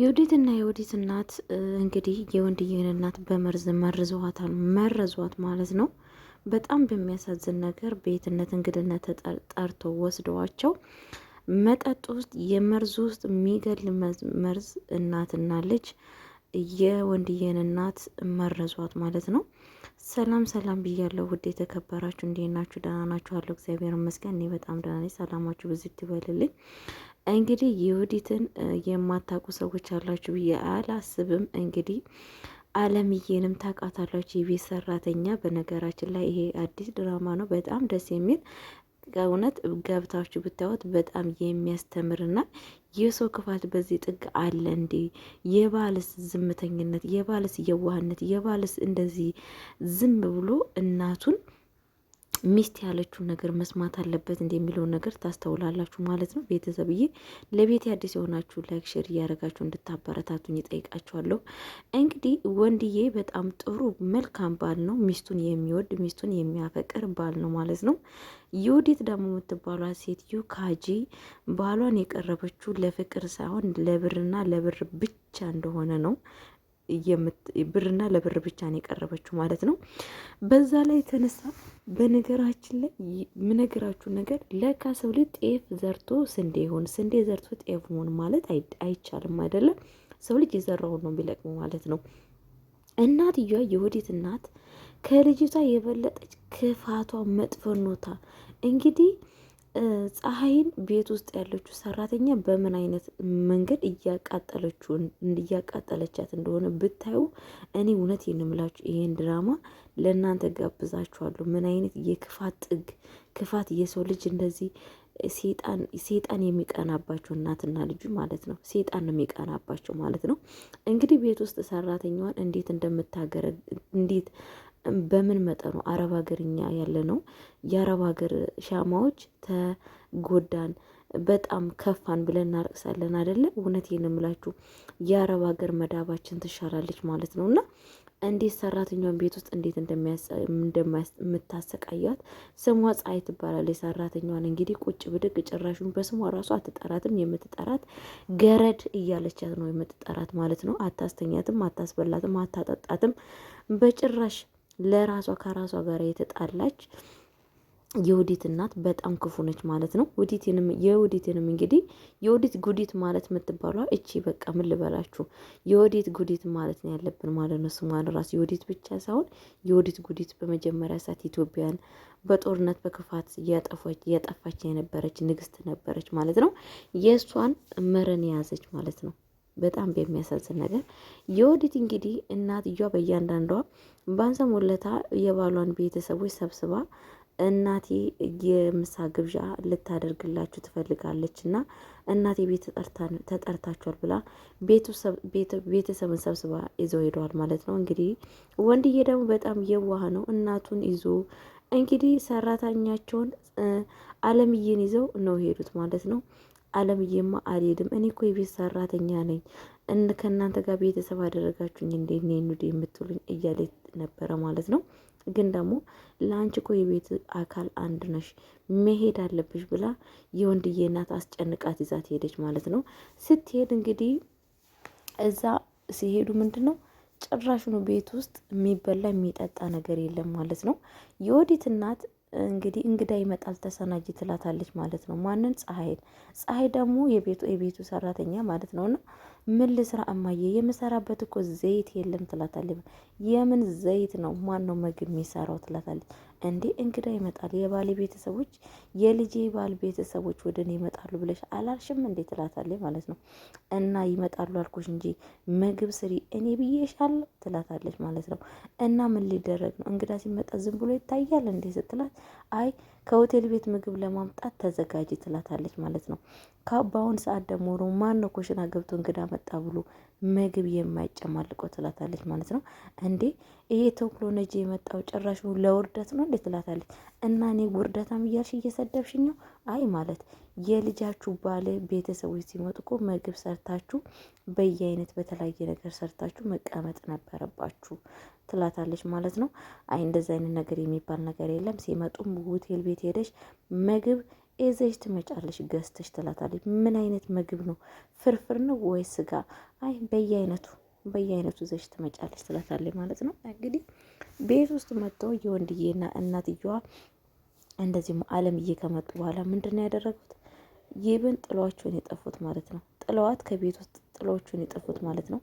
የወዲትና የውዴት እናት እንግዲህ የወንድዬን እናት በመርዝ መርዘዋታል መረዟት ማለት ነው። በጣም በሚያሳዝን ነገር በየትነት እንግድነት ተጠርቶ ወስደዋቸው መጠጥ ውስጥ የመርዝ ውስጥ የሚገል መርዝ እናትና ልጅ የወንድዬን እናት መረዟት ማለት ነው። ሰላም ሰላም ብያለሁ ውድ የተከበራችሁ እንዴት ናችሁ? ደህና ናችሁ? አለሁ እግዚአብሔር ይመስገን እኔ በጣም ደህና ነኝ። ሰላማችሁ ብዙ ይበልልኝ። እንግዲህ የወዲትን የማታውቁ ሰዎች አላችሁ ብዬ አላስብም። እንግዲህ አለምዬንም ታውቃታላችሁ፣ የቤት ሰራተኛ። በነገራችን ላይ ይሄ አዲስ ድራማ ነው፣ በጣም ደስ የሚል ከእውነት ገብታችሁ ብታዩት በጣም የሚያስተምርና የሰው ክፋት በዚህ ጥግ አለ እንዴ? የባልስ ዝምተኝነት፣ የባልስ የዋህነት፣ የባልስ እንደዚህ ዝም ብሎ እናቱን ሚስት ያለችውን ነገር መስማት አለበት እንደ የሚለውን ነገር ታስተውላላችሁ ማለት ነው። ቤተሰብዬ ለቤት አዲስ የሆናችሁ ላይክ፣ ሼር እያደረጋችሁ እንድታበረታቱኝ ይጠይቃችኋለሁ። እንግዲህ ወንድዬ በጣም ጥሩ መልካም ባል ነው። ሚስቱን የሚወድ ሚስቱን የሚያፈቅር ባል ነው ማለት ነው። ዩዲት ደግሞ የምትባሏ ሴትዮ ካጂ ባሏን የቀረበችው ለፍቅር ሳይሆን ለብርና ለብር ብቻ እንደሆነ ነው ብርና ለብር ብቻ ነው የቀረበችው ማለት ነው። በዛ ላይ የተነሳ በነገራችን ላይ የምነግራችሁ ነገር ለካ ሰው ልጅ ጤፍ ዘርቶ ስንዴ ይሆን ስንዴ ዘርቶ ጤፍ ሆን ማለት አይቻልም አይደለም። ሰው ልጅ የዘራውን ነው የሚለቅመው ማለት ነው። እናትየዋ የወዲት እናት ከልጅቷ የበለጠች ክፋቷ መጥፈኖታ እንግዲህ ፀሐይን ቤት ውስጥ ያለችው ሰራተኛ በምን አይነት መንገድ እያቃጠለችውን እያቃጠለቻት እንደሆነ ብታዩ፣ እኔ እውነት ነው ይሄን ድራማ ለእናንተ ጋብዛችኋለሁ። ምን አይነት የክፋት ጥግ ክፋት የሰው ልጅ እንደዚህ ሴጣን የሚቀናባቸው እናትና ልጁ ማለት ነው። ሴጣን ነው የሚቀናባቸው ማለት ነው። እንግዲህ ቤት ውስጥ ሰራተኛዋን እንዴት እንደምታገረ እንዴት በምን መጠኑ አረብ ሀገርኛ ያለ ነው የአረብ ሀገር ሻማዎች ተጎዳን፣ በጣም ከፋን ብለን እናርቅሳለን አደለ? እውነቴን እምላችሁ የአረብ ሀገር መዳባችን ትሻላለች ማለት ነው እና እንዴት ሰራተኛውን ቤት ውስጥ እንዴት እንደምታሰቃያት ስሟ ፀሐይ ትባላለች። ሰራተኛዋን እንግዲህ ቁጭ ብድግ ጭራሹን በስሟ ራሱ አትጠራትም። የምትጠራት ገረድ እያለቻት ነው የምትጠራት ማለት ነው። አታስተኛትም፣ አታስበላትም፣ አታጠጣትም በጭራሽ ለራሷ ከራሷ ጋር የተጣላች የውዲት እናት በጣም ክፉ ነች ማለት ነው። ውዲትንም የውዲትንም እንግዲህ የውዲት ጉዲት ማለት የምትባሏ እቺ በቃ ምን ልበላችሁ የውዲት ጉዲት ማለት ነው ያለብን ማለት ነው። ስሟን ራሱ የውዲት ብቻ ሳይሆን የውዲት ጉዲት በመጀመሪያ ሰዓት ኢትዮጵያን በጦርነት በክፋት እያጠፋች እያጠፋች የነበረች ንግስት ነበረች ማለት ነው። የእሷን መረን የያዘች ማለት ነው። በጣም በሚያሳዝን ነገር የወዲት እንግዲህ እናትየዋ በእያንዳንዷ ባንሰም ሞለታ የባሏን ቤተሰቦች ሰብስባ እናቴ የምሳ ግብዣ ልታደርግላችሁ ትፈልጋለች እና እናቴ ቤት ተጠርታችኋል ብላ ቤተሰብን ሰብስባ ይዘው ሄደዋል ማለት ነው። እንግዲህ ወንድዬ ደግሞ በጣም የዋህ ነው። እናቱን ይዞ እንግዲህ ሰራተኛቸውን አለምዬን ይዘው ነው ሄዱት ማለት ነው። አለምዬማ አልሄድም፣ እኔ እኮ የቤት ሰራተኛ ነኝ፣ ከእናንተ ጋር ቤተሰብ አደረጋችሁኝ እንዴ ኔኑድ የምትሉኝ እያለ ነበረ ማለት ነው። ግን ደግሞ ለአንቺ እኮ የቤት አካል አንድ ነሽ፣ መሄድ አለብሽ ብላ የወንድዬ እናት አስጨንቃት ይዛት ሄደች ማለት ነው። ስትሄድ እንግዲህ እዛ ሲሄዱ ምንድን ነው ጭራሽኑ ቤት ውስጥ የሚበላ የሚጠጣ ነገር የለም ማለት ነው። የወዲት እናት እንግዲህ እንግዳ ይመጣል ተሰናጅ ትላታለች ማለት ነው። ማንን? ፀሐይን። ፀሐይ ደግሞ የቤቱ የቤቱ ሰራተኛ ማለት ነውና ምን ልስራ እማዬ፣ የምሰራበት እኮ ዘይት የለም ትላታለች። የምን ዘይት ነው? ማን ነው ምግብ የሚሰራው? ትላታለች። እንዴ እንግዳ ይመጣል፣ የባሌ ቤተሰቦች የልጄ ባል ቤተሰቦች ወደ እኔ ይመጣሉ ብለሽ አላልሽም እንዴ ትላታለች ማለት ነው። እና ይመጣሉ አልኩሽ እንጂ ምግብ ስሪ እኔ ብዬሻለሁ ትላታለች ማለት ነው። እና ምን ሊደረግ ነው እንግዳ ሲመጣ ዝም ብሎ ይታያል እንዴ ስትላት፣ አይ ከሆቴል ቤት ምግብ ለማምጣት ተዘጋጅ ትላታለች ማለት ነው። በአሁን ሰዓት ደግሞ ነው ማን ነው ኮሽና ገብቶ እንግዳ መጣ ብሎ ምግብ የማይጨማልቆ ትላታለች ማለት ነው። እንዴ ይሄ ቴክኖሎጂ የመጣው ጭራሹ ለውርደት ነው እንዴ ትላታለች። እና እኔ ውርደታም እያልሽ እየሰደብሽኝ ነው? አይ ማለት የልጃችሁ ባለ ቤተሰቦች ሲመጡ እኮ ምግብ ሰርታችሁ በየአይነት በተለያየ ነገር ሰርታችሁ መቀመጥ ነበረባችሁ ትላታለች ማለት ነው። አይ እንደዚ አይነት ነገር የሚባል ነገር የለም። ሲመጡም ሆቴል ቤት ሄደሽ ምግብ እዘሽ ትመጫለሽ ገዝተሽ ትላታለች። ምን አይነት ምግብ ነው? ፍርፍር ነው ወይ ስጋ? አይ በየአይነቱ በየአይነቱ ዘሽ ትመጫለሽ ትላታለች ማለት ነው። እንግዲህ ቤት ውስጥ መጥተው የወንድዬና እናትየዋ እንደዚሁም አለምዬ ከመጡ በኋላ ምንድን ነው ያደረጉት? ይብን ጥሏቸውን የጠፉት ማለት ነው። ጥለዋት ከቤት ውስጥ ጥሏቸውን የጠፉት ማለት ነው።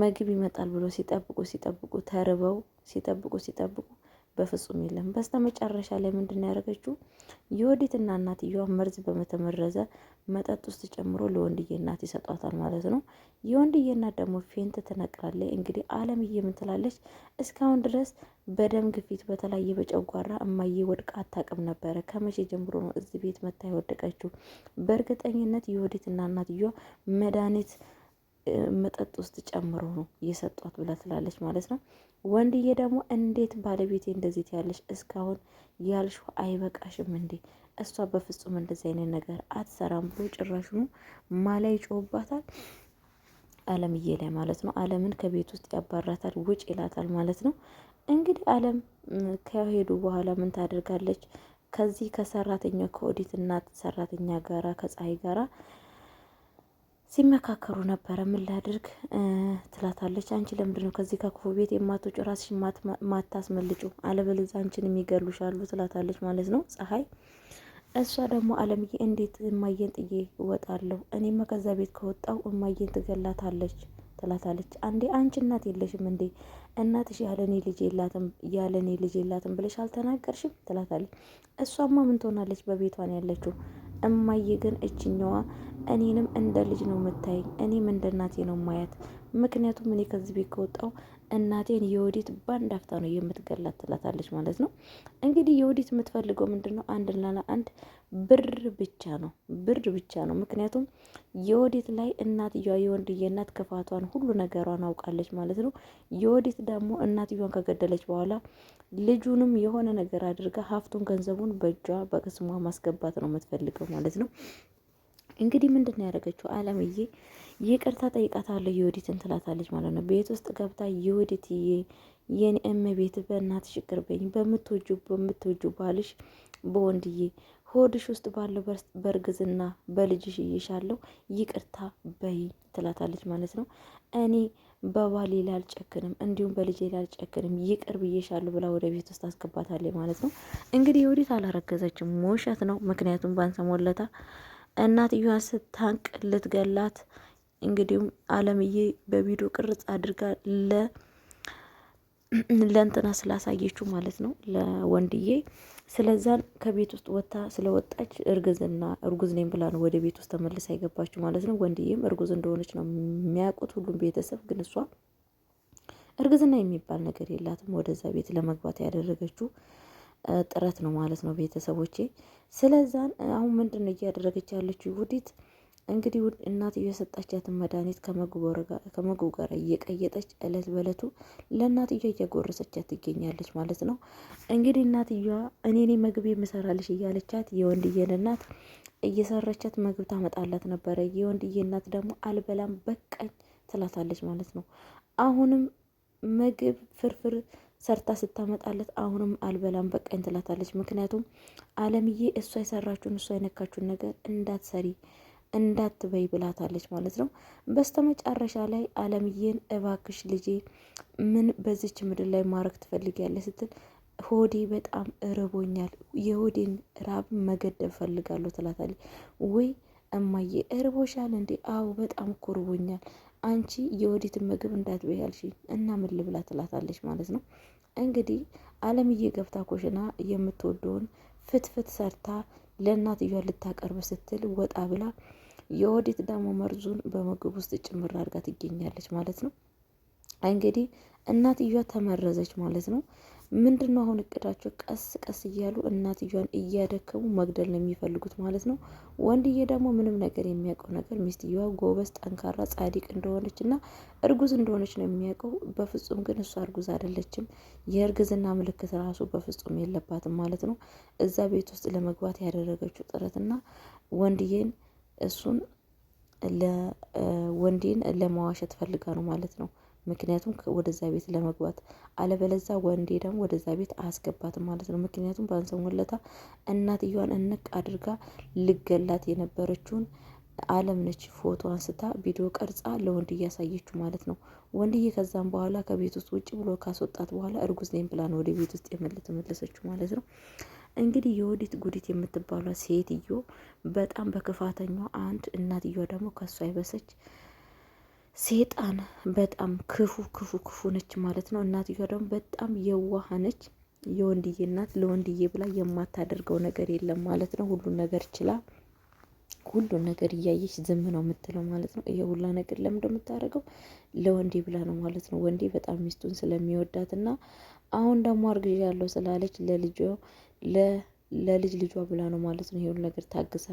ምግብ ይመጣል ብሎ ሲጠብቁ ሲጠብቁ ተርበው ሲጠብቁ ሲጠብቁ በፍጹም የለም። በስተ መጨረሻ ላይ ምንድን ያደረገችው የወዲትና እናትየዋ መርዝ በመተመረዘ መጠጥ ውስጥ ጨምሮ ለወንድዬ እናት ይሰጧታል ማለት ነው። የወንድዬ እናት ደግሞ ፌንት ትነቅራለች። እንግዲህ አለምዬ ምን ትላለች? እስካሁን ድረስ በደም ግፊት በተለያየ በጨጓራ እማዬ ወድቃ አታውቅም ነበረ። ከመቼ ጀምሮ ነው እዚህ ቤት መታ የወደቀችው? በእርግጠኝነት የወዲትና እናትየዋ መድኃኒት መጠጥ ውስጥ ጨምሮ ነው እየሰጧት ብላ ትላለች ማለት ነው። ወንድዬ ደግሞ እንዴት ባለቤቴ እንደዚህ ትያለሽ? እስካሁን ያልሽው አይበቃሽም እንዴ? እሷ በፍጹም እንደዚህ አይነት ነገር አትሰራም ብሎ ጭራሽኑ ማላ ጮባታል። አለምዬ ላይ ማለት ነው። አለምን ከቤት ውስጥ ያባራታል፣ ውጭ ይላታል ማለት ነው። እንግዲህ አለም ከሄዱ በኋላ ምን ታደርጋለች? ከዚህ ከሰራተኛ ከኦዲት እናት ሰራተኛ ጋራ ከፀሐይ ጋራ ሲመካከሩ ነበረ። ምን ላድርግ ትላታለች። አንቺ ለምንድን ነው ከዚህ ከክፉ ቤት የማትወጪ ራስሽ ማታስመልጩ? አለበለዚያ አንቺን የሚገሉሻሉ ትላታለች ማለት ነው ፀሐይ። እሷ ደግሞ አለምዬ እንዴት እማየን ጥዬ እወጣለሁ? እኔማ ከዛ ቤት ከወጣው እማየን ትገላታለች ትላታለች። አንዴ አንቺ እናት የለሽም እንዴ? እናትሽ ያለኔ ልጅ የላትም ያለኔ ልጅ የላትም ብለሽ አልተናገርሽም? ትላታለች። እሷማ ምን ትሆናለች? በቤቷን ያለችው እማዬ ግን እችኛዋ እኔንም እንደ ልጅ ነው የምታየኝ፣ እኔም እንደ እናቴ ነው ማያት። ምክንያቱም እኔ ከዚህ ቤት ከወጣው እናቴን የወዲት በአንድ አፍታ ነው የምትገላት ትላታለች ማለት ነው። እንግዲህ የወዲት የምትፈልገው ምንድን ነው? አንድ ላላ አንድ ብር ብቻ ነው፣ ብር ብቻ ነው። ምክንያቱም የወዲት ላይ እናትየዋ የወንድዬ እናት ክፋቷን ሁሉ ነገሯን አውቃለች ማለት ነው። የወዲት ደግሞ እናትየዋን ከገደለች በኋላ ልጁንም የሆነ ነገር አድርጋ ሀብቱን ገንዘቡን በእጇ በቅስሟ ማስገባት ነው የምትፈልገው ማለት ነው። እንግዲህ ምንድን ነው ያደረገችው? አለምዬ ይቅርታ ጠይቃታለሁ የወዲትን ትላታለች ማለት ነው። ቤት ውስጥ ገብታ የወዲትዬ የኔ እመቤት በእናትሽ ይቅር በይኝ፣ በምትወጁ በምትወጁ ባልሽ በወንድዬ ሆድሽ ውስጥ ባለው በእርግዝና በልጅሽ እይሻለሁ ይቅርታ በይ ትላታለች ማለት ነው። እኔ በባሌ ላይ አልጨክንም፣ እንዲሁም በልጄ ላይ አልጨክንም ይቅር ብዬሻለሁ ብላ ወደ ቤት ውስጥ አስገባታለች ማለት ነው። እንግዲህ የወዲት አላረገዘችም፣ ውሸት ነው። ምክንያቱም ባንሰሞለታ እናትዮዋን ስታንቅ ልትገላት እንግዲሁም አለምዬ በቪዲዮ ቅርጽ አድርጋ ለ ለእንትና ስላሳየችው ማለት ነው ለወንድዬ። ስለዛን ከቤት ውስጥ ወታ ስለወጣች እርግዝና እርጉዝ ነኝ ብላ ነው ወደ ቤት ውስጥ ተመልስ አይገባችሁ ማለት ነው። ወንድዬም እርጉዝ እንደሆነች ነው የሚያውቁት ሁሉም ቤተሰብ። ግን እሷ እርግዝና የሚባል ነገር የላትም። ወደዛ ቤት ለመግባት ያደረገችው ጥረት ነው ማለት ነው ቤተሰቦቼ። ስለዛን አሁን ምንድን ነው እያደረገች ያለችው ውዲት? እንግዲህ እናትዮ የሰጣቻትን መድኃኒት ከምግቡ ጋር እየቀየጠች እለት በእለቱ ለእናትዮ እያጎረሰቻት ትገኛለች ማለት ነው። እንግዲህ እናትዮዋ እኔኔ ምግብ የምሰራልሽ እያለቻት የወንድዬን እናት እየሰረቻት ምግብ ታመጣላት ነበረ። የወንድዬ እናት ደግሞ አልበላም በቀኝ ትላታለች ማለት ነው። አሁንም ምግብ ፍርፍር ሰርታ ስታመጣለት አሁንም አልበላም በቃኝ ትላታለች። ምክንያቱም አለምዬ እሷ የሰራችሁን እሷ የነካችሁን ነገር እንዳትሰሪ እንዳትበይ ብላታለች ማለት ነው። በስተመጨረሻ ላይ አለምዬን እባክሽ ልጄ ምን በዚች ምድር ላይ ማድረግ ትፈልጊያለሽ ስትል ሆዴ በጣም እርቦኛል፣ የሆዴን ራብ መገደብ ፈልጋለሁ ትላታለች። ወይ እማዬ እርቦሻል እንዴ? አዎ በጣም ኮርቦኛል አንቺ የወዲትን ምግብ እንዳትበይ ያልሽኝ እና ምን ልብላ ትላታለች ማለት ነው። እንግዲህ አለምዬ ገብታ ኮሽና የምትወደውን ፍትፍት ሰርታ ለእናትየዋ ልታቀርብ ስትል ወጣ ብላ የወዲት ደግሞ መርዙን በምግብ ውስጥ ጭምር አድርጋ ትገኛለች ማለት ነው። እንግዲህ እናትዮዋ ተመረዘች ማለት ነው። ምንድን ነው አሁን እቅዳቸው? ቀስ ቀስ እያሉ እናትዮዋን እያደከሙ መግደል ነው የሚፈልጉት ማለት ነው። ወንድዬ ደግሞ ምንም ነገር የሚያውቀው ነገር ሚስትየዋ ጎበዝ፣ ጠንካራ፣ ጻዲቅ እንደሆነች እና እርጉዝ እንደሆነች ነው የሚያውቀው። በፍጹም ግን እሷ እርጉዝ አይደለችም። የእርግዝና ምልክት ራሱ በፍጹም የለባትም ማለት ነው። እዛ ቤት ውስጥ ለመግባት ያደረገችው ጥረትና ወንድዬን እሱን ወንዴን ለማዋሸት ፈልጋ ነው ማለት ነው። ምክንያቱም ወደዛ ቤት ለመግባት አለበለዛ ወንዴ ደግሞ ወደዛ ቤት አያስገባትም ማለት ነው። ምክንያቱም ባንሰሞለታ እናትየዋን እንቅ አድርጋ ልገላት የነበረችውን አለም ነች ፎቶ አንስታ ቪዲዮ ቀርጻ ለወንድ እያሳየችው ማለት ነው። ወንድዬ ከዛም በኋላ ከቤት ውስጥ ውጭ ብሎ ካስወጣት በኋላ እርጉዝ ነኝ ብላ ነው ወደ ቤት ውስጥ የመለሰችው ማለት ነው። እንግዲህ የወዲት ጉዲት የምትባሏ ሴትዮ በጣም በክፋተኛ አንድ እናትየዋ ደግሞ ከሷ አይበሰች ሴጣን በጣም ክፉ ክፉ ክፉ ነች ማለት ነው። እናትየዋ ደግሞ በጣም የዋህ ነች። የወንድዬ እናት ለወንድዬ ብላ የማታደርገው ነገር የለም ማለት ነው። ሁሉን ነገር ችላ፣ ሁሉን ነገር እያየች ዝም ነው የምትለው ማለት ነው። ይሄ ሁላ ነገር ለምንድን የምታደርገው? ለወንዴ ብላ ነው ማለት ነው። ወንዴ በጣም ሚስቱን ስለሚወዳት እና አሁን ደግሞ አርግዣ ያለው ስላለች ለልጇ ለልጅ ልጇ ብላ ነው ማለት ነው። ይሄ ሁሉ ነገር ታግሳ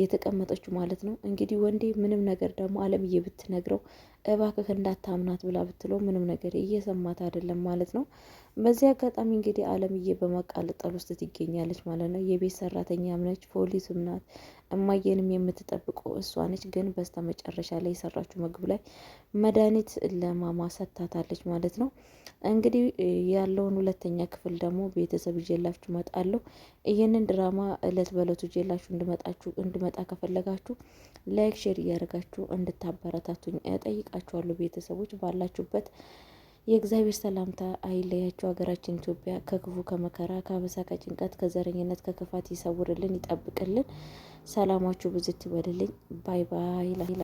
የተቀመጠችው ማለት ነው። እንግዲህ ወንዴ ምንም ነገር ደግሞ አለምዬ ብትነግረው እባክህ እንዳታምናት ብላ ብትለው ምንም ነገር እየሰማት አይደለም ማለት ነው። በዚህ አጋጣሚ እንግዲህ አለምዬ በማቃለጠል ውስጥ ትገኛለች ማለት ነው። የቤት ሰራተኛም ነች፣ ፖሊስም ናት፣ እማየንም የምትጠብቀው እሷ ነች። ግን በስተ መጨረሻ ላይ የሰራችው ምግብ ላይ መድኃኒት ለማማ ሰታታለች ማለት ነው። እንግዲህ ያለውን ሁለተኛ ክፍል ደግሞ ቤተሰብ ይዤላችሁ እመጣለሁ። ይህንን ድራማ እለት በእለቱ ይዤላችሁ እንድመጣችሁ እንድመጣ ከፈለጋችሁ ላይክ፣ ሼር እያደረጋችሁ እንድታበረታቱኝ እጠይቃለሁ። አደንቃችኋለሁ ቤተሰቦች። ባላችሁበት የእግዚአብሔር ሰላምታ አይለያችሁ። ሀገራችን ኢትዮጵያ ከክፉ ከመከራ፣ ከአበሳ፣ ከጭንቀት፣ ከዘረኝነት፣ ከክፋት ይሰውርልን፣ ይጠብቅልን። ሰላማችሁ ብዝት ይበልልኝ። ባይ ባይ።